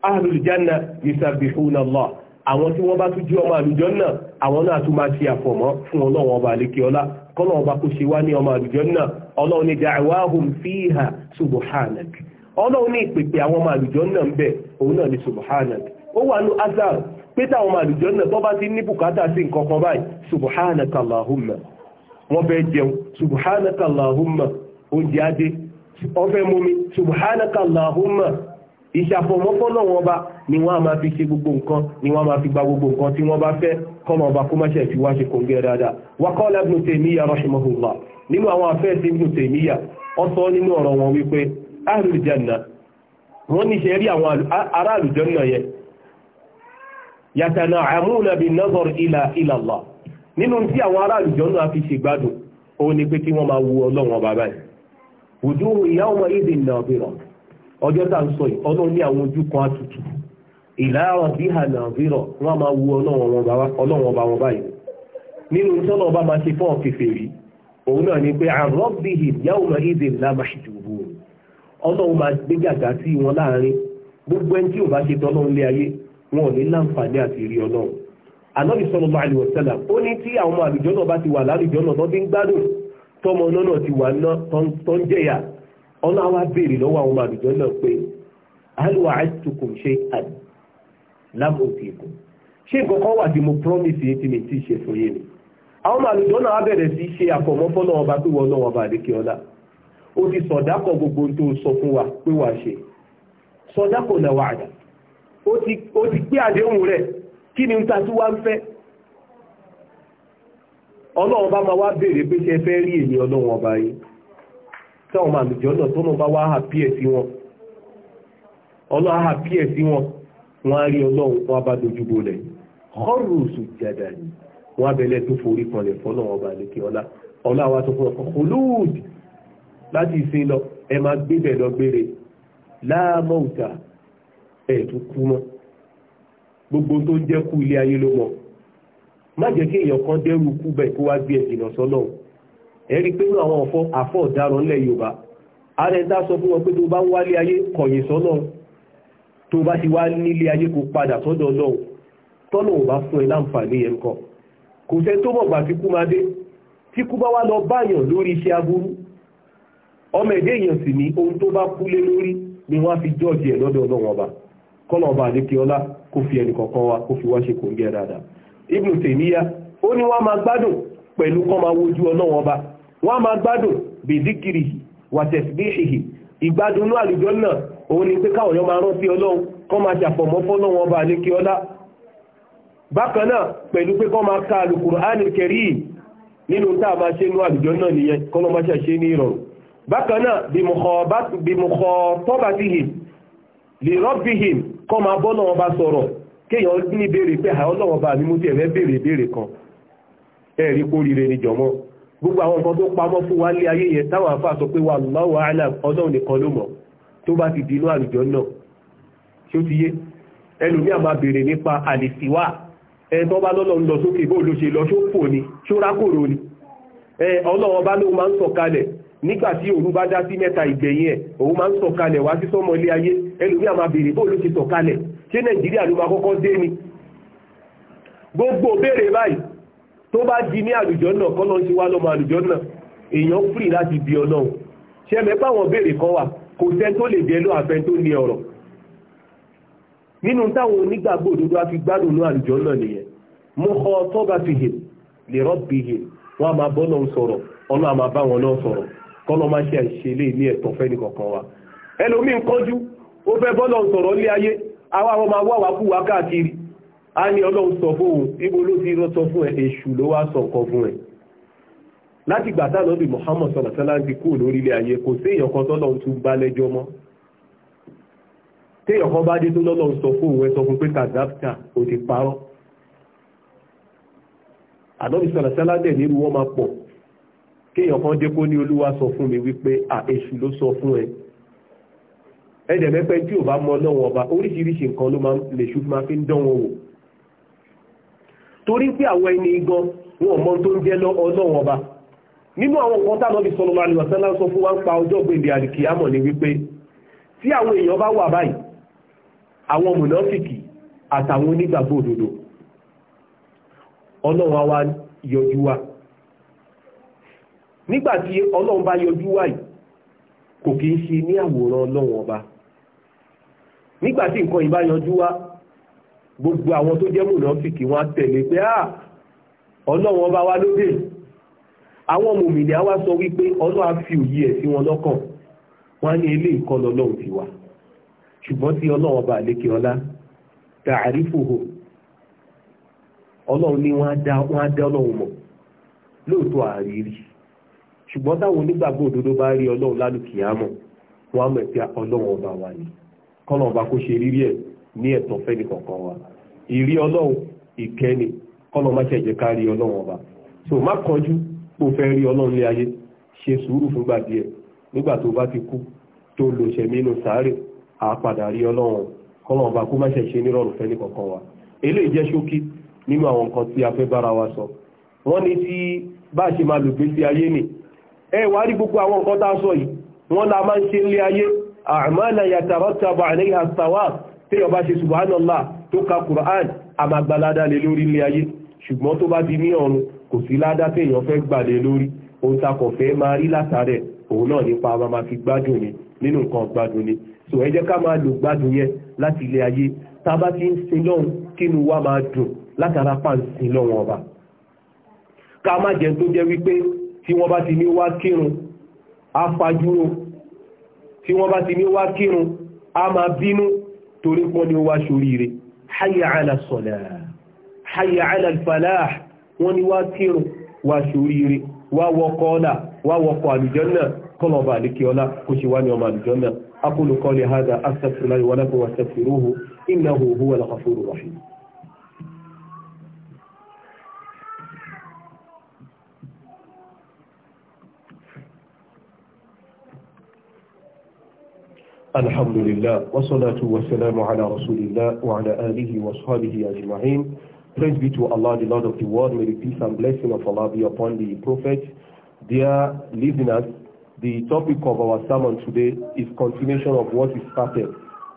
ahlùjánà yusabbihuna Allah àwọn tí wọ́n bá tún jẹ́ ọmọ àlùjànnà àwọn náà tún máa àfọ̀mọ́ fún ọba àlékeọlá kọ́lọ́ọ̀bà ṣe wá ní ọmọ ọlọ́run ni da'wahum fiha subhanak ọlọ́run ní ìpèpè àwọn ọmọ ni subhanak ó wà ní azar pé táwọn ọmọ tó bá ti ní wọ́n fẹ́ jẹun subhanaka allahumma oúnjẹ adé wọ́n fẹ́ mumi subhanaka allahumma ìṣàfọ̀mọ́fọ́nà wọn bá ni wọ́n a máa fi ṣe gbogbo nǹkan ni wọ́n a máa fi gba gbogbo nǹkan tí wọ́n bá fẹ́ kọ́mọ ọba kó má ṣe fi wá ṣe kòǹgẹ́ dáadáa wa qala ibn taymiya rahimahullah nínú àwọn afẹ́ẹ̀sì ibn taymiya ó sọ nínú ọ̀rọ̀ wọn wípé ahlul wọ́n ní ṣe rí àwọn ará yẹn yatana'amuna bin nazar ila ila nínú tí àwọn ará àlùjọ́nù á fi ṣègbádùn òun ni pé kí wọ́n máa wo ọlọ́run ọba báyìí òjò ìyá ọmọ ìdè ìnà ọ̀bìrọ̀ ọjọ́ tá à ń sọ yìí ọlọ́run ní àwọn ojú kan àtútù ìlàrọ̀ bí hànà ọ̀bìrọ̀ wọ́n máa wo ọlọ́run ọba wọn báyìí nínú tọ́lọ̀ ọba máa ṣe fọ́ọ̀ fèfèé rí òun náà ni pé àrọ́bìhì ìyá ọmọ ìdè ńlá ànábì sallallahu alaihi wasallam ó ní tí àwọn ọmọ àlùjọ bá ti wà lálùjọ náà tó tọmọ náà náà ti wà ná tó ń jẹyà wa béèrè lọ́wọ́ àwọn ọmọ àlùjọ náà pé ṣé nǹkan kan wà tí mo promise yìí tí mi ti ṣe fún ni àwọn ọmọ àlùjọ náà bẹ̀rẹ̀ sí ṣe ọba sọ kí ni ta tí wá ń fẹ́ ọlọ́run bá máa wá béèrè pé ṣe fẹ́ rí èmi ọlọ́run ọba yìí táwọn máa lùjọ́ náà tó náà bá wá hàpí ẹ̀ sí wọn ọlọ́run hàpí ẹ̀ sí wọn wọn á rí ọlọ́run wọn bá dojú bolẹ̀ ọrù oṣù jàdà ni wọn abẹ́lẹ́ tó forí kanlẹ̀ fọlọ́run ọba lékè ọlá ọlá wa tó fún ọkọ̀ olóòd láti ìsìn lọ ẹ máa gbébẹ̀ lọ gbére láàmọ́ òta ẹ̀ tó kú mọ́ gbogbo tó ń jẹ́ kú ilé ayé ló mọ̀ má jẹ́ kí èèyàn kan dẹ́rù kú bẹ́ẹ̀ kó wá gbé ẹ̀ jìnà sọ́nà ẹ rí i pé àwọn ọ̀fọ́ àfọ́ ọ̀daràn ńlẹ̀ yorùbá ara ẹ̀ dá sọ fún wọn pé tó bá ń wálé ayé kọ̀yìn sọ́nà tó bá ti wá nílé ayé kó padà sọ́dọ̀ ọlọ́run tọ́nà ò bá fún ẹ láǹfààní yẹn kọ kò sẹ́ tó mọ̀gbà tí kú máa dé tí kú bá wá lọ báyàn lórí iṣẹ́ aburú ọmọ ẹ̀dẹ́ èèyàn sì ní ohun tó bá kú lé lórí ni wọ́n á fi jọ́ọ̀jì ẹ̀ lọ́dọ̀ ọlọ́run ọba kọ́nà ọba àdékè ọlá kó fi ẹnì kọ̀ọ̀kan wa kó fi wá ṣe kòǹgẹ́ dáadáa Ibn Taymiyyah ó ní wọ́n máa gbádùn pẹ̀lú kọ́ máa wojú ọlọ́wọ́n ọba wọ́n máa gbádùn bèdíkìrì wàtẹ̀síbíhìhì ìgbádùn inú àlùjọ náà òun ni pé káwọn yọ máa rántí ọlọ́run kọ́ máa ṣàfọ̀mọ́ fọ́lọ́wọ́n ọba àlékè ọlá bákan náà pẹ̀lú pé kọ́ máa ka Al-Qur'an al lè him kọ́ máa bọ́ lọ́wọ́ bá sọ̀rọ̀ kéèyàn ní béèrè pé àwọn lọ́wọ́ bá mi mú tí ẹ̀fẹ́ béèrè béèrè kan ẹ̀rí kó rire ni jọ̀mọ́ gbogbo àwọn nǹkan tó pamọ́ fún wa lé ayé yẹn táwọn afá sọ pé wallahu a'lam ọlọ́run nìkan ló mọ̀ tó bá ti di inú àlùjọ náà ṣé ó ti yé ẹlòmíà máa béèrè nípa àlèsíwá ẹ tó bá lọ́lọ́ ń lọ sókè bó ló ṣe lọ ṣó ni ṣó rákòrò ni ọlọ́wọ́ bá ló máa ń sọ̀kalẹ̀ nígbà tí òru bá dá sí mẹ́ta ìgbẹ̀yìn ẹ̀ òun máa ń sọ̀kalẹ̀ wá sí sọ́mọ ilé ayé ẹlòmí àmà béèrè bó ló ti sọ̀kalẹ̀ ṣé nàìjíríà ló máa kọ́kọ́ dé ni gbogbo béèrè báyìí tó bá di ní àlùjọ́ náà kọ́ lọ́n ti wá lọ́mọ àlùjọ́ náà èèyàn fìrì láti bí ọlọ́run ṣe mẹ́pà àwọn béèrè kan wà kò sẹ́ni tó lè jẹ́ ló àfẹ́ tó ní ọ̀rọ̀ nínú táwọn onígbàgbọ́ kọ́nà máa ṣe àìṣe lé ní ẹ̀tọ́ fẹ́ nìkọ̀kan wa ẹlòmí ń kọjú ó fẹ́ bọ́lọ̀ ń sọ̀rọ̀ ní ayé àwa àwọn máa wáwá kú wá káàkiri a ní ọlọ́run sọ fún òun ibo ló ti rọ́sọ fún ẹ èṣù ló wá sọ nǹkan fún ẹ láti gbà tá lọ́dún Muhammad sọ̀rọ̀ sẹ́lá ń ti kú lórílẹ̀ ayé kò sí èèyàn kan tọ́lọ́run tún bá lẹ́jọ́ mọ́ téèyàn kan bá dé tó lọ́lọ́run sọ fún òun ẹ sọ fún pé kàdáfíà ò ti parọ́ àdọ́bí sọ̀rọ̀ sẹ́lá dẹ̀ nílùú wọn máa pọ̀ kéèyàn kan dé kó ní olúwa sọ fún mi wípé à èṣù ló sọ fún ẹ ẹ̀dẹ̀ mẹ́pẹ́ tí ò bá mọ ọlọ́run ọba oríṣiríṣi nǹkan ló máa lè ṣú máa fi ń dán wọn wò torí pé àwọn ẹni gan wọn mọ tó ń jẹ́ ọlọ́run ọba nínú àwọn nǹkan táwọn bí sọlọ́mọ àlùwà sẹ́lá sọ fún wa ń pa ọjọ́ gbèdé àdìkìyàmọ̀ ni wípé tí àwọn èèyàn bá wà báyìí àwọn mùnáfìkì àtàwọn onígbàgbọ́ òdodo ọlọ́run wa yọjú wa nígbàtí ọlọ́run bá yọjú wáyìí kò kí ń ṣe ní àwòrán ọlọ́run ọba nígbàtí nǹkan ìbá yọjú wá gbogbo àwọn tó jẹ́ mùnàfíkì wọn á tẹ̀lé pé ah ọlọ́run ọba wa lóde àwọn mùmìnì á wá sọ wípé ọlọ́run á fi òye ẹ̀ sí wọn lọ́kàn wọn á ní ilé ìkọlọ ọlọ́run ti wà ṣùgbọ́n tí ọlọ́run ọba àlékè ọlá tààrífòhò ọlọ́run ní wọ́n á dá ọlọ́run mọ̀ lóòótọ́ àrírí ṣùgbọ́n táwọn onígbàgbọ́ òdodo bá rí ọlọ́run lálùkìyàmọ̀ wọn á mọ̀ pé ọlọ́run ọba wa ni kọ́nà ọba kó ṣe rírí ẹ̀ ní ẹ̀tàn fẹ́ni kọ̀ọ̀kan wa ìrí ọlọ́run ìkẹ́ni kọ́nà má ṣẹ̀jẹ̀ ká rí ọlọ́run ọba so má kọjú kó fẹ́ rí ọlọ́run lé ayé ṣe sùúrù fúngbà díẹ̀ nígbà tó bá ti kú tó lò ṣẹ̀mí inú sàárè á padà rí ọlọ́run kọ́nà ọba kó má ṣẹ̀ṣẹ̀ nírọ̀rùn fẹ́ni kọ̀ọ̀kan ẹ wá rí gbogbo àwọn nǹkan tá a sọ yìí wọ́n la ń ṣe nílé ayé àmàlà yatarattabu alayha thawab téèyàn bá ṣe subhanallah tó ka Qur'an àmàgbà ládàá lé lórí nílé ayé ṣùgbọ́n tó bá di ní ọ̀run kò sí ládàá téèyàn fẹ́ gbà lórí ohun tá fẹ́ máa rí látàrẹ̀ òun náà nípa máa máa fi gbádùn ni nínú nǹkan gbádùn ni so ẹ jẹ́ ká máa lò gbádùn yẹn láti ilé ayé tá a bá ti ń sin lọ́hùn kínú wa máa dùn látara pàǹsìn lọ́hùn ọba ká má jẹun tó jẹ́ wípé tí wọ́n bá ti ní wá kírun afajúro tí wọ́n bá ti ní wá kírun a máa bínú torí pọ́n ni wá ṣoríire hayya ala salah hayya ala falah wọ́n ni wá kírun wá ṣoríire wá wọkọ̀ ọ̀la wá wọkọ̀ àlùjànnà kọlọ̀bà àdíkíọlá kò ní ọmọ àlùjànnà aqulu qawli hadha astaghfirullahi wa lakum wastaghfiruhu الحمد لله والصلاة والسلام على رسول الله وعلى آله وصحبه أجمعين Praise be to Allah, the Lord of the world. May the peace and blessing of Allah be upon the Prophet. Dear listeners, the topic of our sermon today is continuation of what we started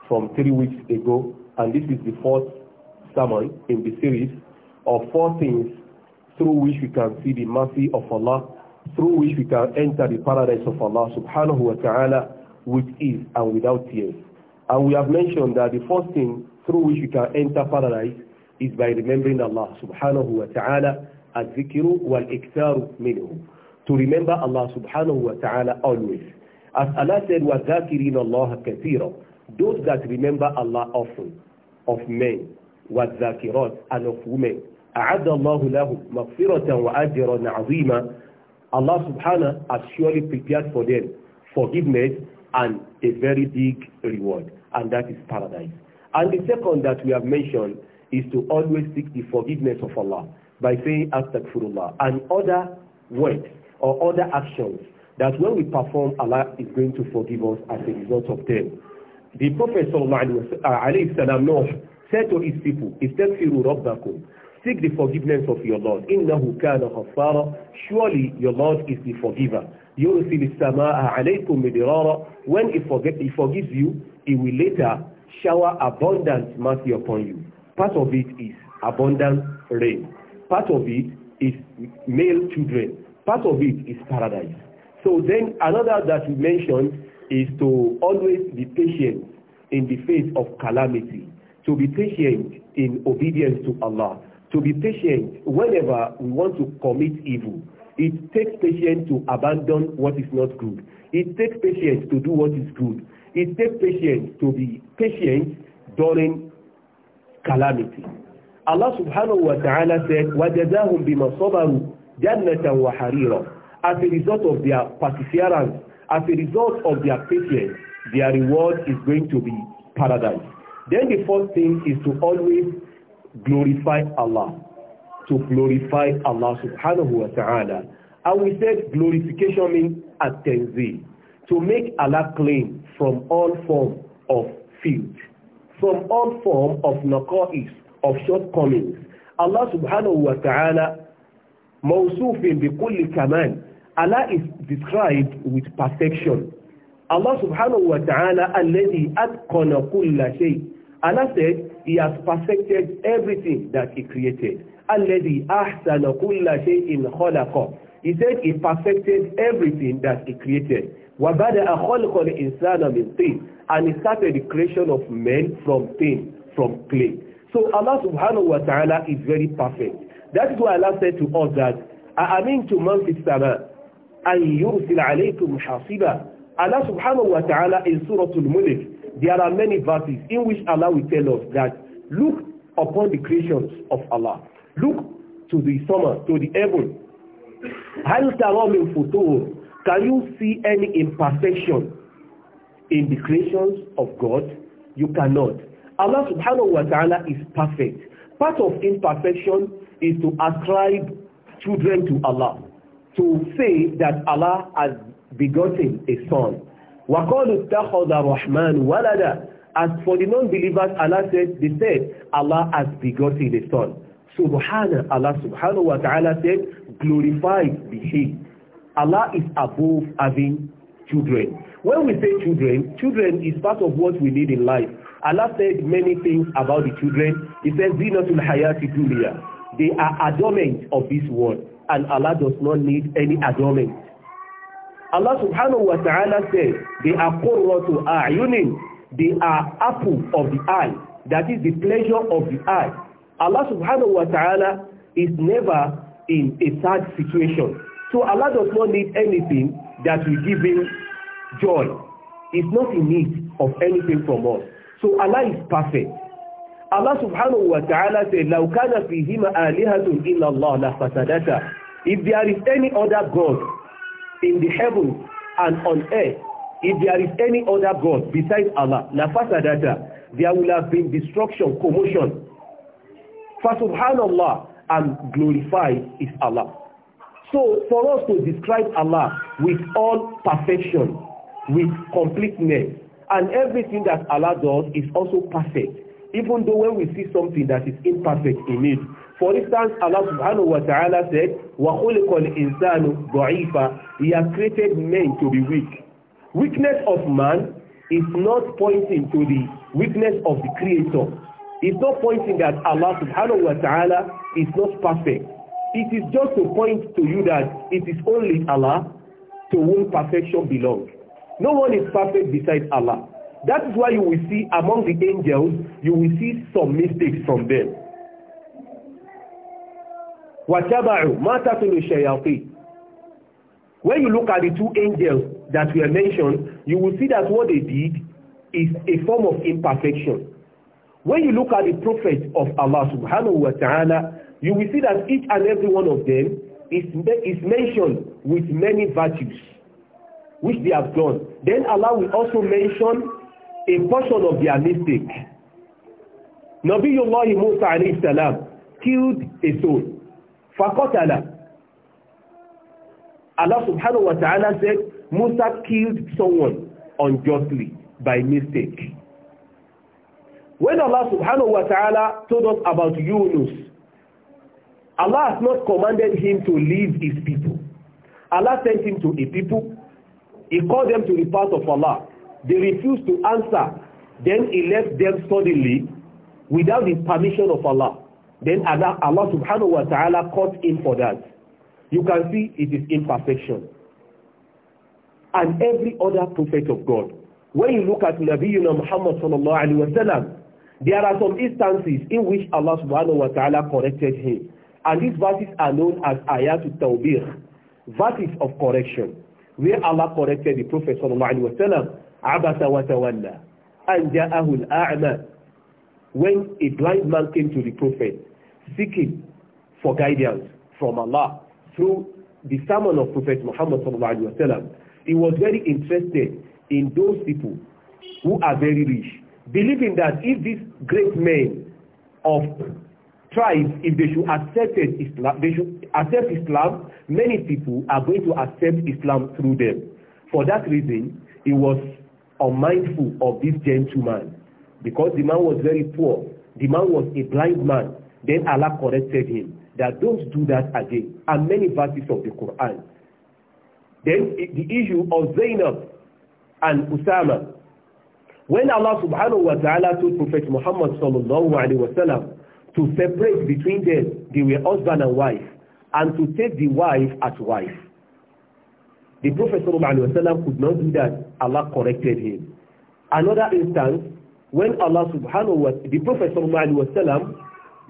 from three weeks ago, and this is the fourth sermon in the series of four things through which we can see the mercy of Allah, through which we can enter the paradise of Allah subhanahu wa ta'ala, with ease and without tears. And we have mentioned that the first thing through which we can enter paradise is by remembering Allah subhanahu wa ta'ala al-zikru wal-iktaru minhu. To remember Allah subhanahu wa ta'ala always. As Allah said, وَذَاكِرِينَ اللَّهَ كَثِيرًا Those that remember Allah often, of men, وَالذَّاكِرَاتِ and of women. أَعَدَّ اللَّهُ لَهُمْ مَغْفِرَةً وَأَجْرًا عَظِيمًا Allah subhanahu has surely prepared for them forgiveness and a very big reward, and that is paradise. And the second that we have mentioned is to always seek the forgiveness of Allah by saying astaghfirullah and other words or other actions that when we perform, Allah is going to forgive us as a result of them. The Prophet sallallahu alayhi uh, said to his people, istaghfiru rabbakum Seek the forgiveness of your Lord. إِنَّهُ كَانَ غَفَّارًا Surely your Lord is the forgiver. يُرْسِلِ السَّمَاءَ عَلَيْكُمْ مِدْرَارًا When he, forget, he forgives you, he will later shower abundant mercy upon you. Part of it is abundant rain. Part of it is male children. Part of it is paradise. So then another that we mentioned is to always be patient in the face of calamity, to be patient in obedience to Allah. To be patient whenever we want to commit evil. It takes patience to abandon what is not good. It takes patience to do what is good. It takes patience to be patient during calamity. Allah subhanahu wa ta'ala said, وَجَزَاهُمْ بِمَا صَبَرُوا جَنَّةً وَحَرِيرًا As a result of their perseverance, as a result of their patience, their reward is going to be paradise. Then the fourth thing is to always glorify Allah, to glorify Allah subhanahu wa ta'ala. And we said glorification means at to make Allah clean from all form of filth, from all form of naqa'is, of shortcomings. Allah subhanahu wa ta'ala mawsufin bi kulli kaman. Allah is described with perfection. Allah subhanahu wa ta'ala alladhi atqana kulla shay. Allah said, He has perfected everything that he created. Alladhi ahsana kulla shay'in khalaqa. He said he perfected everything that he created. Wa bada'a khalqa al-insana And he started the creation of men from tin, from clay. So Allah subhanahu wa ta'ala is very perfect. That is why Allah said to us that, Amin to فِي السَّمَاءِ أَنْ يُرْسِلَ عَلَيْكُمْ حَاصِبًا Allah subhanahu wa ta'ala in Surah Al-Mulk there are many verses in which Allah will tell us that look upon the creations of Allah. Look to the summer, to the heaven. هَلْ تَرَى مِنْ Can you see any imperfection in the creations of God? You cannot. Allah subhanahu wa ta'ala is perfect. Part of imperfection is to ascribe children to Allah. To say that Allah has begotten a son. وَقَالُوا اتَّخَذَ الرَّحْمَنُ وَلَدًا As for the non-believers, Allah said, they said, Allah has begotten a son. Subhana, Allah subhanahu wa ta'ala said, glorified be he. Allah is above having children. When we say children, children is part of what we need in life. Allah said many things about the children. He says, Zinatul Hayati Dunya. They are adornment of this world. And Allah does not need any adornment Allah subhanahu wa ta'ala said, they are qurratu a'yunin. They are apple of the eye. That is the pleasure of the eye. Allah subhanahu wa ta'ala is never in a sad situation. So Allah does not need anything that will give him joy. He's not in need of anything from us. So Allah is perfect. Allah subhanahu wa ta'ala said, لَوْ كَانَ فِيهِمَا آلِهَةٌ إِلَّا اللَّهُ لَفَسَدَتَا If there is any other God in the heaven and on earth, if there is any other God besides Allah, lafasadata, there will have been destruction, commotion. Fasubhanallah and glorified is Allah. So for us to describe Allah with all perfection, with completeness, and everything that Allah does is also perfect. Even though when we see something that is imperfect in it, For instance, Allah subhanahu wa ta'ala said, وَخُلِقَ الْإِنسَانُ ضَعِيفًا He has created men to be weak. Weakness of man is not pointing to the weakness of the Creator. It's not pointing that Allah subhanahu wa ta'ala is not perfect. It is just to point to you that it is only Allah to whom perfection belongs. No one is perfect besides Allah. That is why you will see among the angels, you will see some mistakes from them. وَتَبَعُوا مَا تَتْلُو الشَّيَاطِينُ When you look at the two angels that were mentioned, you will see that what they did is a form of imperfection. When you look at the prophets of Allah subhanahu wa ta'ala, you will see that each and every one of them is, is mentioned with many virtues which they have done. Then Allah will also mention a portion of their mistake. Nabiyullah Musa alayhi salam killed a soul. Fakotala. Allah subhanahu wa ta'ala said, Musa killed someone unjustly by mistake. When Allah subhanahu wa ta'ala told us about Yunus, Allah has not commanded him to leave his people. Allah sent him to a people. He called them to the path of Allah. They refused to answer. Then he left them suddenly without the permission of Allah. Then Allah, Allah subhanahu wa ta'ala caught in for that. You can see it is imperfection. And every other prophet of God, when you look at Nabiyuna Muhammad sallallahu alaihi wasallam, there are some instances in which Allah subhanahu wa ta'ala corrected him. And these verses are known as ayatul tawbih, verses of correction, where Allah corrected the Prophet sallallahu alaihi wasallam, abasa wa tawalla, and ja'ahu al-a'ma, when a blind man came to the Prophet seeking for guidance from Allah through the sermon of Prophet Muhammad sallallahu alaihi wasallam. He was very interested in those people who are very rich, believing that if these great men of tribes, if they should accept Islam, they should accept Islam, many people are going to accept Islam through them. For that reason, he was unmindful of this gentleman because the man was very poor. The man was a blind man Then Allah corrected him that don't do that again. And many verses of the Quran. Then the issue of Zainab and Usama. When Allah subhanahu wa ta'ala told Prophet Muhammad sallallahu alayhi wa sallam to separate between them, they were husband and wife, and to take the wife as wife. The Prophet sallallahu alayhi wa sallam could not do that. Allah corrected him. Another instance, when Allah subhanahu wa Taala, the Prophet sallallahu alayhi wa sallam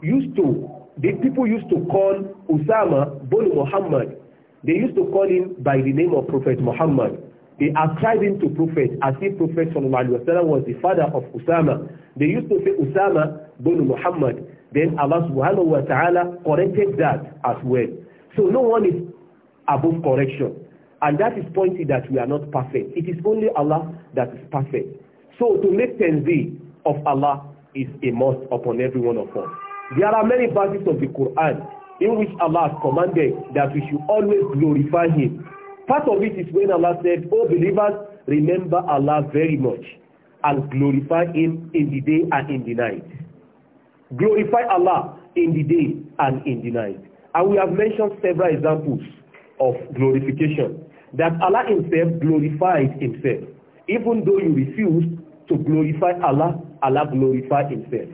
used to, the people used to call Usama bin Muhammad, they used to call him by the name of Prophet Muhammad. They ascribed him to Prophet as if Prophet Sallallahu Alaihi Wasallam was the father of Usama. They used to say Usama bin Muhammad. Then Allah Subhanahu Wa Ta'ala corrected that as well. So no one is above correction. And that is pointing that we are not perfect. It is only Allah that is perfect. So to make tenzih of Allah is a must upon every one of us. There are many verses of the Quran in which Allah has commanded that we should always glorify Him. Part of it is when Allah said, O believers, remember Allah very much and glorify Him in the day and in the night. Glorify Allah in the day and in the night. And we have mentioned several examples of glorification that Allah himself glorified himself. Even though you refuse to glorify Allah, Allah glorified himself.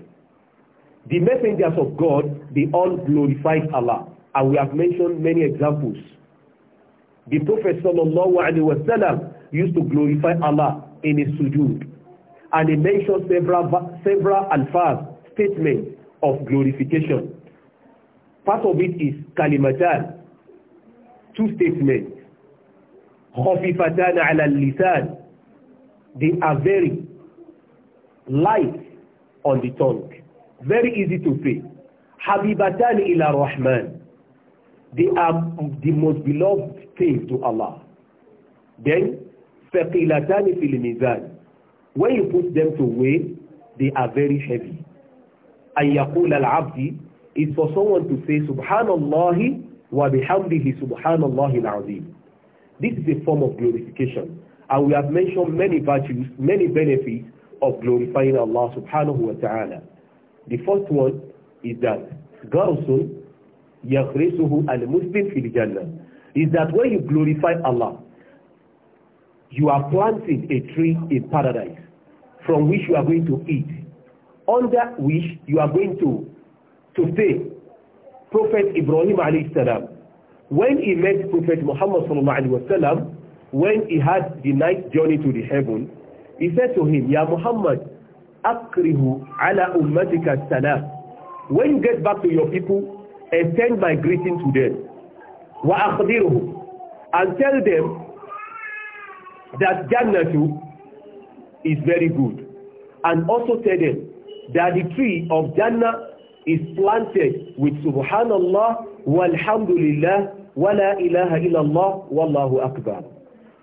The messengers of God, they all glorified Allah. And we have mentioned many examples. The Prophet sallallahu alaihi wasallam used to glorify Allah in his sujood. And he mentioned several, several and alfaz, statements of glorification. Part of it is kalimatan, two statements. Khafifatan ala lisan. They are very light on the tongue very easy to pay Habibatan ila rahman they are the most beloved things to Allah then faqilatani fil mizan when you put them to weigh they are very heavy an yaqula al abdi is for someone to say subhanallah wa bihamdihi subhanallah al azim this is a form of glorification and we have mentioned many virtues many benefits of glorifying Allah subhanahu wa ta'ala The first one is that Gausun Yakhrisuhu al Muslim fil Jannah is that when you glorify Allah, you are planting a tree in paradise from which you are going to eat, under which you are going to to stay. Prophet Ibrahim alayhi salam, when he met Prophet Muhammad sallallahu alayhi wa sallam, when he had the night journey to the heaven, he said to him, Ya Muhammad, akrihu ala ummatika salam when you get back to your people extend my greeting to them wa akhbirhum and tell them that jannatu is very good and also tell them that the tree of jannah is planted with subhanallah walhamdulillah wala ilaha illallah wallahu akbar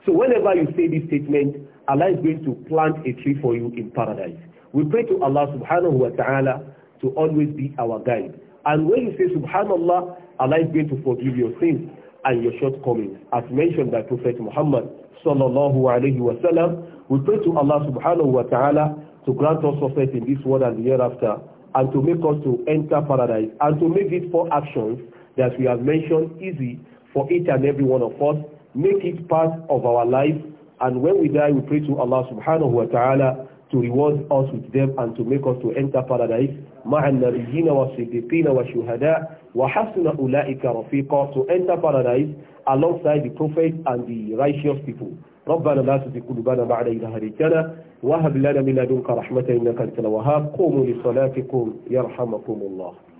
so whenever you say this statement Allah is going to plant a tree for you in paradise We pray to Allah subhanahu wa ta'ala to always be our guide. And when you say subhanallah, Allah is going to forgive your sins and your shortcomings. As mentioned by Prophet Muhammad sallallahu alayhi wa sallam, we pray to Allah subhanahu wa ta'ala to grant us success in this world and the hereafter and to make us to enter paradise and to make these four actions that we have mentioned easy for each and every one of us. Make it part of our life and when we die we pray to Allah subhanahu wa ta'ala to reward us with them and to make us to enter paradise ma'a an-nabiyyin was shuhada wa hasuna ula'ika rafiqa to enter paradise alongside the prophet and the righteous people ربنا لا تزغ قلوبنا بعد إذ هديتنا وهب لنا من لدنك رحمة إنك أنت لصلاتكم يرحمكم الله